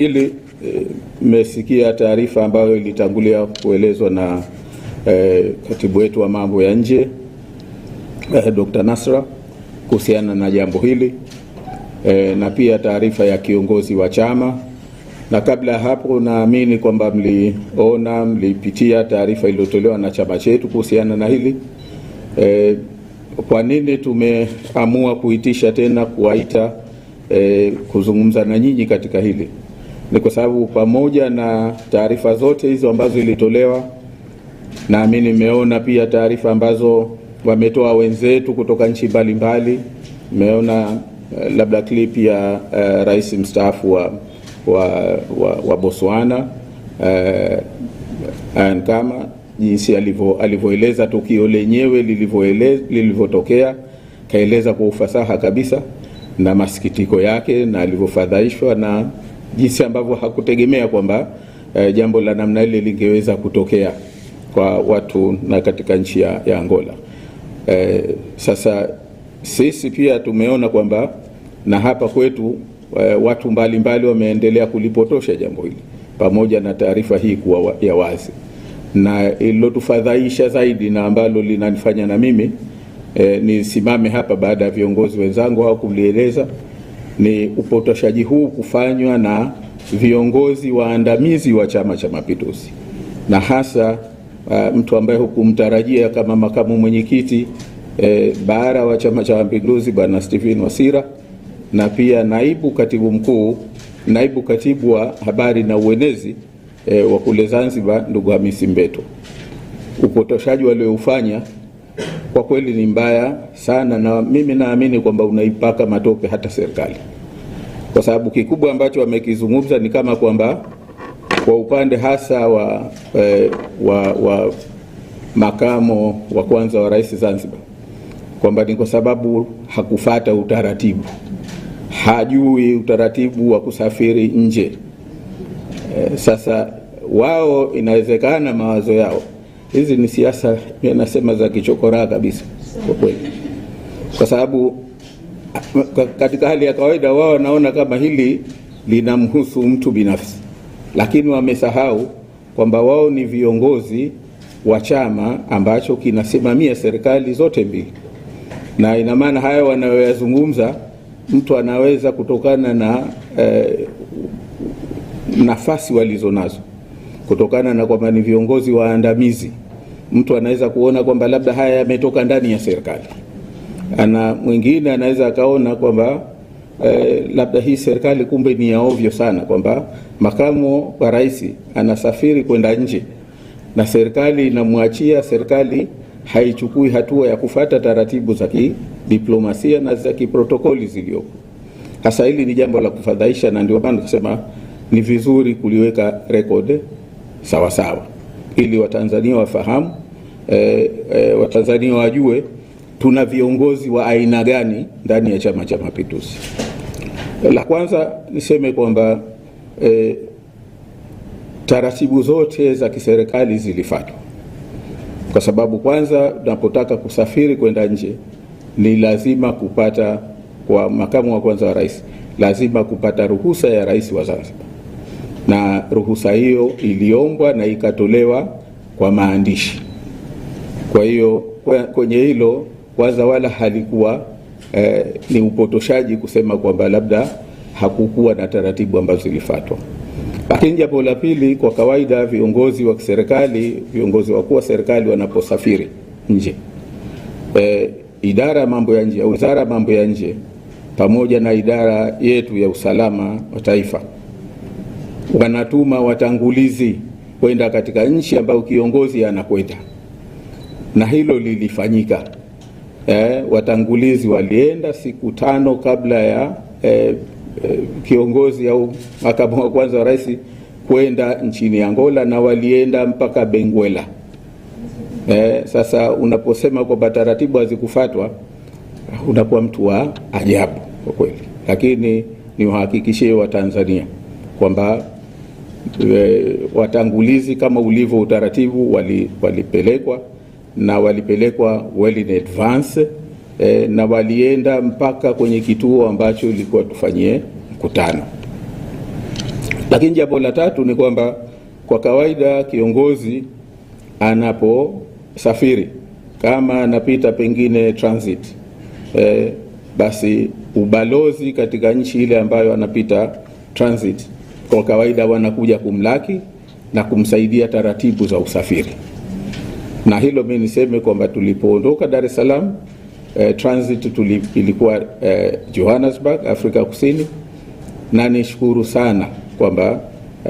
Ili eh, mmesikia taarifa ambayo ilitangulia kuelezwa na e, katibu wetu wa mambo ya nje e, eh, Dr. Nasra kuhusiana na jambo hili e, na pia taarifa ya kiongozi wa chama, na kabla ya hapo, naamini kwamba mliona, mlipitia taarifa iliyotolewa na chama chetu kuhusiana na hili e, kwa nini tumeamua kuitisha tena kuwaita e, kuzungumza na nyinyi katika hili ni kwa sababu pamoja na taarifa zote hizo ambazo ilitolewa, naamini nimeona pia taarifa ambazo wametoa wenzetu kutoka nchi mbalimbali. Nimeona uh, eh, labda clip ya uh, rais mstaafu wa, wa, wa, wa Botswana uh, kama jinsi alivyoeleza tukio lenyewe lilivyotokea, kaeleza kwa ufasaha kabisa na masikitiko yake na alivyofadhaishwa na jinsi ambavyo hakutegemea kwamba eh, jambo la namna ile lingeweza kutokea kwa watu na katika nchi ya, ya Angola. Eh, sasa sisi pia tumeona kwamba na hapa kwetu eh, watu mbalimbali wameendelea kulipotosha jambo hili pamoja na taarifa hii kuwa ya wazi, na ililotufadhaisha zaidi na ambalo linanifanya na mimi eh, nisimame hapa baada ya viongozi wenzangu au kulieleza ni upotoshaji huu kufanywa na viongozi waandamizi wa Chama cha Mapinduzi na hasa uh, mtu ambaye hukumtarajia kama makamu mwenyekiti eh, bara wa Chama cha Mapinduzi Bwana Stephen Wasira na pia naibu katibu mkuu, naibu katibu wa habari na uenezi eh, wa kule Zanzibar ndugu Hamisi Mbeto. Upotoshaji walioufanya kwa kweli ni mbaya sana, na mimi naamini kwamba unaipaka matope hata serikali, kwa sababu kikubwa ambacho wamekizungumza ni kama kwamba kwa upande hasa wa, eh, wa, wa makamo wa kwanza wa rais Zanzibar kwamba ni kwa sababu hakufata utaratibu, hajui utaratibu wa kusafiri nje. Eh, sasa wao inawezekana mawazo yao hizi ni siasa nasema za kichokoraa kabisa kwa kweli, kwa sababu katika hali ya kawaida wao wanaona kama hili linamhusu mtu binafsi, lakini wamesahau kwamba wao ni viongozi wa chama ambacho kinasimamia serikali zote mbili, na ina maana haya wanayoyazungumza mtu anaweza kutokana na eh, nafasi walizonazo kutokana na kwamba ni viongozi waandamizi mtu anaweza kuona kwamba labda haya yametoka ndani ya serikali, ana mwingine anaweza akaona kwamba eh, labda hii serikali kumbe ni ya ovyo sana, kwamba makamu wa rais anasafiri kwenda nje na serikali inamwachia, serikali haichukui hatua ya kufata taratibu za kidiplomasia na za kiprotokoli zilizopo. Hasa hili ni jambo la kufadhaisha, na ndio maana tunasema ni vizuri kuliweka rekodi sawasawa ili Watanzania wafahamu e, e, Watanzania wajue tuna viongozi wa aina gani ndani ya Chama cha Mapinduzi. La kwanza niseme kwamba e, taratibu zote za kiserikali zilifatwa kwa sababu kwanza, unapotaka kusafiri kwenda nje ni lazima kupata, kwa makamu wa kwanza wa rais, lazima kupata ruhusa ya rais wa Zanzibar na ruhusa hiyo iliombwa na ikatolewa kwa maandishi. Kwa hiyo kwenye hilo kwanza, wala halikuwa eh, ni upotoshaji kusema kwamba labda hakukuwa na taratibu ambazo zilifuatwa. Lakini jambo la pili, kwa kawaida viongozi wa serikali, viongozi wakuu wa serikali wanaposafiri nje, eh, idara ya mambo ya nje, wizara ya mambo ya nje pamoja na idara yetu ya usalama wa taifa wanatuma watangulizi kwenda katika nchi ambayo kiongozi anakwenda, na hilo lilifanyika. Eh, watangulizi walienda siku tano kabla ya eh, eh, kiongozi au makamu wa kwanza wa rais kwenda nchini Angola, na walienda mpaka Benguela. Eh, sasa unaposema kwamba taratibu hazikufuatwa unakuwa mtu wa ajabu kwa kweli, lakini niwahakikishie Watanzania kwamba watangulizi kama ulivyo utaratibu wali, walipelekwa na walipelekwa well in advance e, na walienda mpaka kwenye kituo ambacho ilikuwa tufanyie mkutano. Lakini jambo la tatu ni kwamba kwa kawaida kiongozi anaposafiri kama anapita pengine transit e, basi ubalozi katika nchi ile ambayo anapita transit kwa kawaida wanakuja kumlaki na kumsaidia taratibu za usafiri. Na hilo mimi niseme kwamba tulipoondoka Dar es Salaam eh, transit tulip, ilikuwa eh, Johannesburg, Afrika Kusini, na nishukuru sana kwamba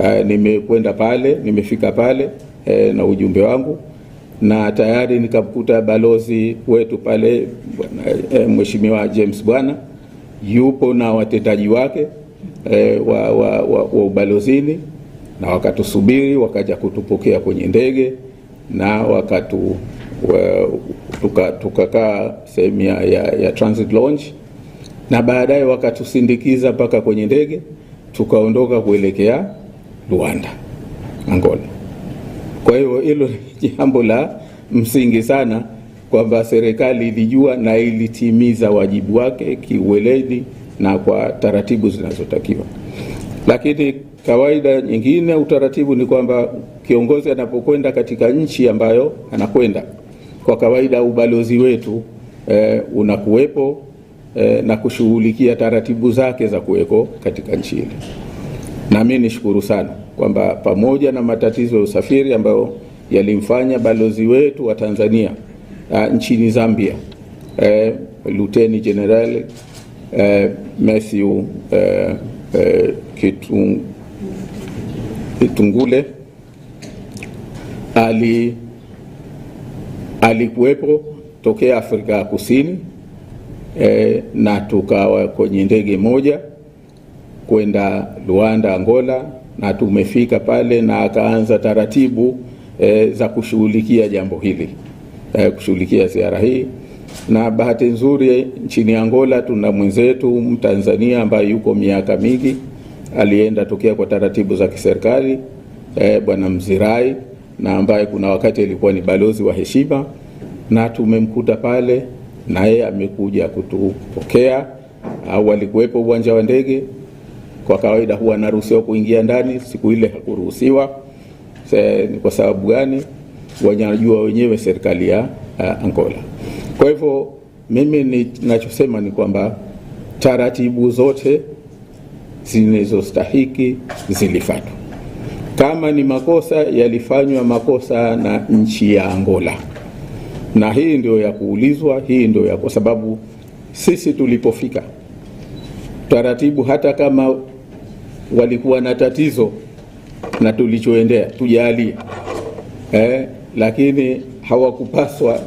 eh, nimekwenda pale, nimefika pale eh, na ujumbe wangu na tayari nikamkuta balozi wetu pale eh, eh Mheshimiwa James Bwana yupo na watendaji wake e, wa, wa, wa, wa ubalozini na wakatusubiri, wakaja kutupokea kwenye ndege na wakatu tukakaa tuka sehemu ya, ya transit lounge na baadaye wakatusindikiza mpaka kwenye ndege tukaondoka kuelekea Luanda, Angola. Kwa hiyo hilo ni jambo la msingi sana kwamba serikali ilijua na ilitimiza wajibu wake kiweledi na kwa taratibu zinazotakiwa. Lakini kawaida nyingine, utaratibu ni kwamba kiongozi anapokwenda katika nchi ambayo anakwenda, kwa kawaida ubalozi wetu e, unakuwepo e, na kushughulikia taratibu zake za kuweko katika nchi ile. Na mimi nishukuru sana kwamba pamoja na matatizo ya usafiri ambayo yalimfanya balozi wetu wa Tanzania a, ah, nchini Zambia e, Luteni Jenerali Eh, Matthew eh, eh, Kitung, Kitungule ali alikuwepo tokea Afrika ya Kusini e, na tukawa kwenye ndege moja kwenda Luanda, Angola, na tumefika pale na akaanza taratibu e, za kushughulikia jambo hili e, kushughulikia ziara hii na bahati nzuri nchini Angola tuna mwenzetu Mtanzania ambaye yuko miaka mingi alienda tokea kwa taratibu za kiserikali eh, Bwana Mzirai na ambaye kuna wakati alikuwa ni balozi wa heshima na tumemkuta pale na yeye amekuja kutupokea, au alikuwepo uwanja wa ndege. Kwa kawaida huwa anaruhusiwa kuingia ndani, siku ile hakuruhusiwa. Ni kwa sababu gani? Wanajua wenyewe serikali ya eh, Angola. Kwa hivyo mimi ninachosema ni kwamba taratibu zote zinazostahiki zilifuatwa. Kama ni makosa yalifanywa makosa na nchi ya Angola, na hii ndio ya kuulizwa, hii ndio ya kwa sababu sisi tulipofika taratibu, hata kama walikuwa na tatizo na tulichoendea tujalie eh, lakini hawakupaswa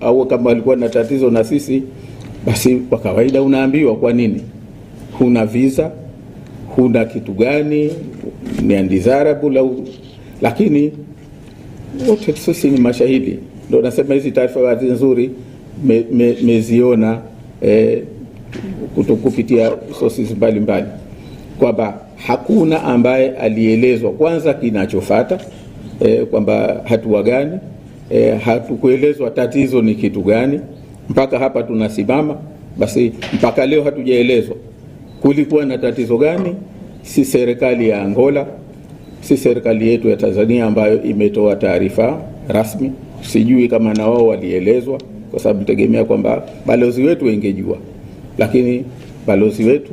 au kama walikuwa na tatizo na sisi, basi kwa kawaida unaambiwa kwa nini huna visa, huna kitu gani, ni undesirable. Lakini wote sisi ni mashahidi, ndio nasema hizi taarifa baadhi nzuri meziona me, eh, kupitia sources mbalimbali kwamba hakuna ambaye alielezwa kwanza kinachofata eh, kwamba hatua gani e, hatukuelezwa tatizo ni kitu gani mpaka hapa tunasimama. Basi mpaka leo hatujaelezwa kulikuwa na tatizo gani. Si serikali ya Angola, si serikali yetu ya Tanzania ambayo imetoa taarifa rasmi. Sijui kama na wao walielezwa, kwa sababu tegemea kwamba balozi wetu wengejua, lakini balozi wetu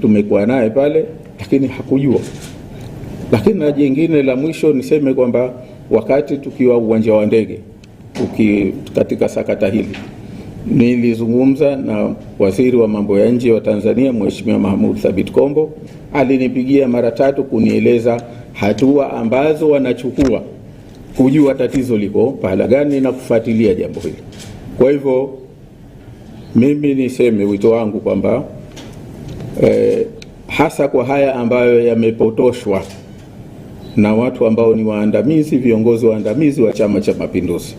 tumekuwa naye pale, lakini hakujua. Lakini na jingine la mwisho niseme kwamba Wakati tukiwa uwanja wa ndege katika sakata hili, nilizungumza na waziri wa mambo ya nje wa Tanzania Mheshimiwa Mahmud Thabit Kombo. Alinipigia mara tatu kunieleza hatua ambazo wanachukua kujua tatizo liko pahala gani na kufuatilia jambo hili. Kwa hivyo mimi niseme wito wangu kwamba eh, hasa kwa haya ambayo yamepotoshwa na watu ambao ni waandamizi, viongozi waandamizi wa Chama cha Mapinduzi.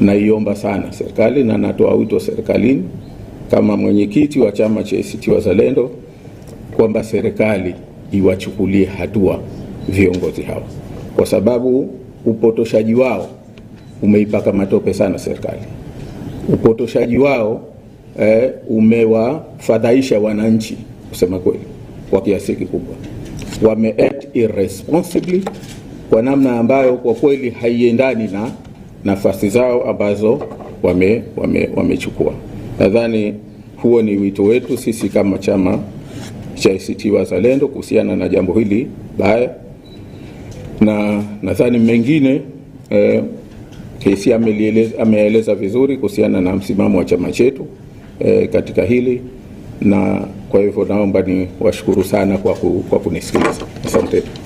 Naiomba sana serikali na natoa wito serikalini kama mwenyekiti wa chama cha ACT Wazalendo kwamba serikali iwachukulie hatua viongozi hao, kwa sababu upotoshaji wao umeipaka matope sana serikali. Upotoshaji wao eh, umewafadhaisha wananchi kusema kweli, kwa kiasi kikubwa wameact irresponsibly kwa namna ambayo kwa kweli haiendani na nafasi zao ambazo wamechukua wame, wame nadhani huo ni wito wetu sisi kama chama cha ACT Wazalendo kuhusiana na jambo hili baya, na nadhani mengine eh, KC ameeleza vizuri kuhusiana na msimamo wa chama chetu eh, katika hili na kwa hivyo naomba ni washukuru sana kwa, ku, kwa kunisikiliza. Asante.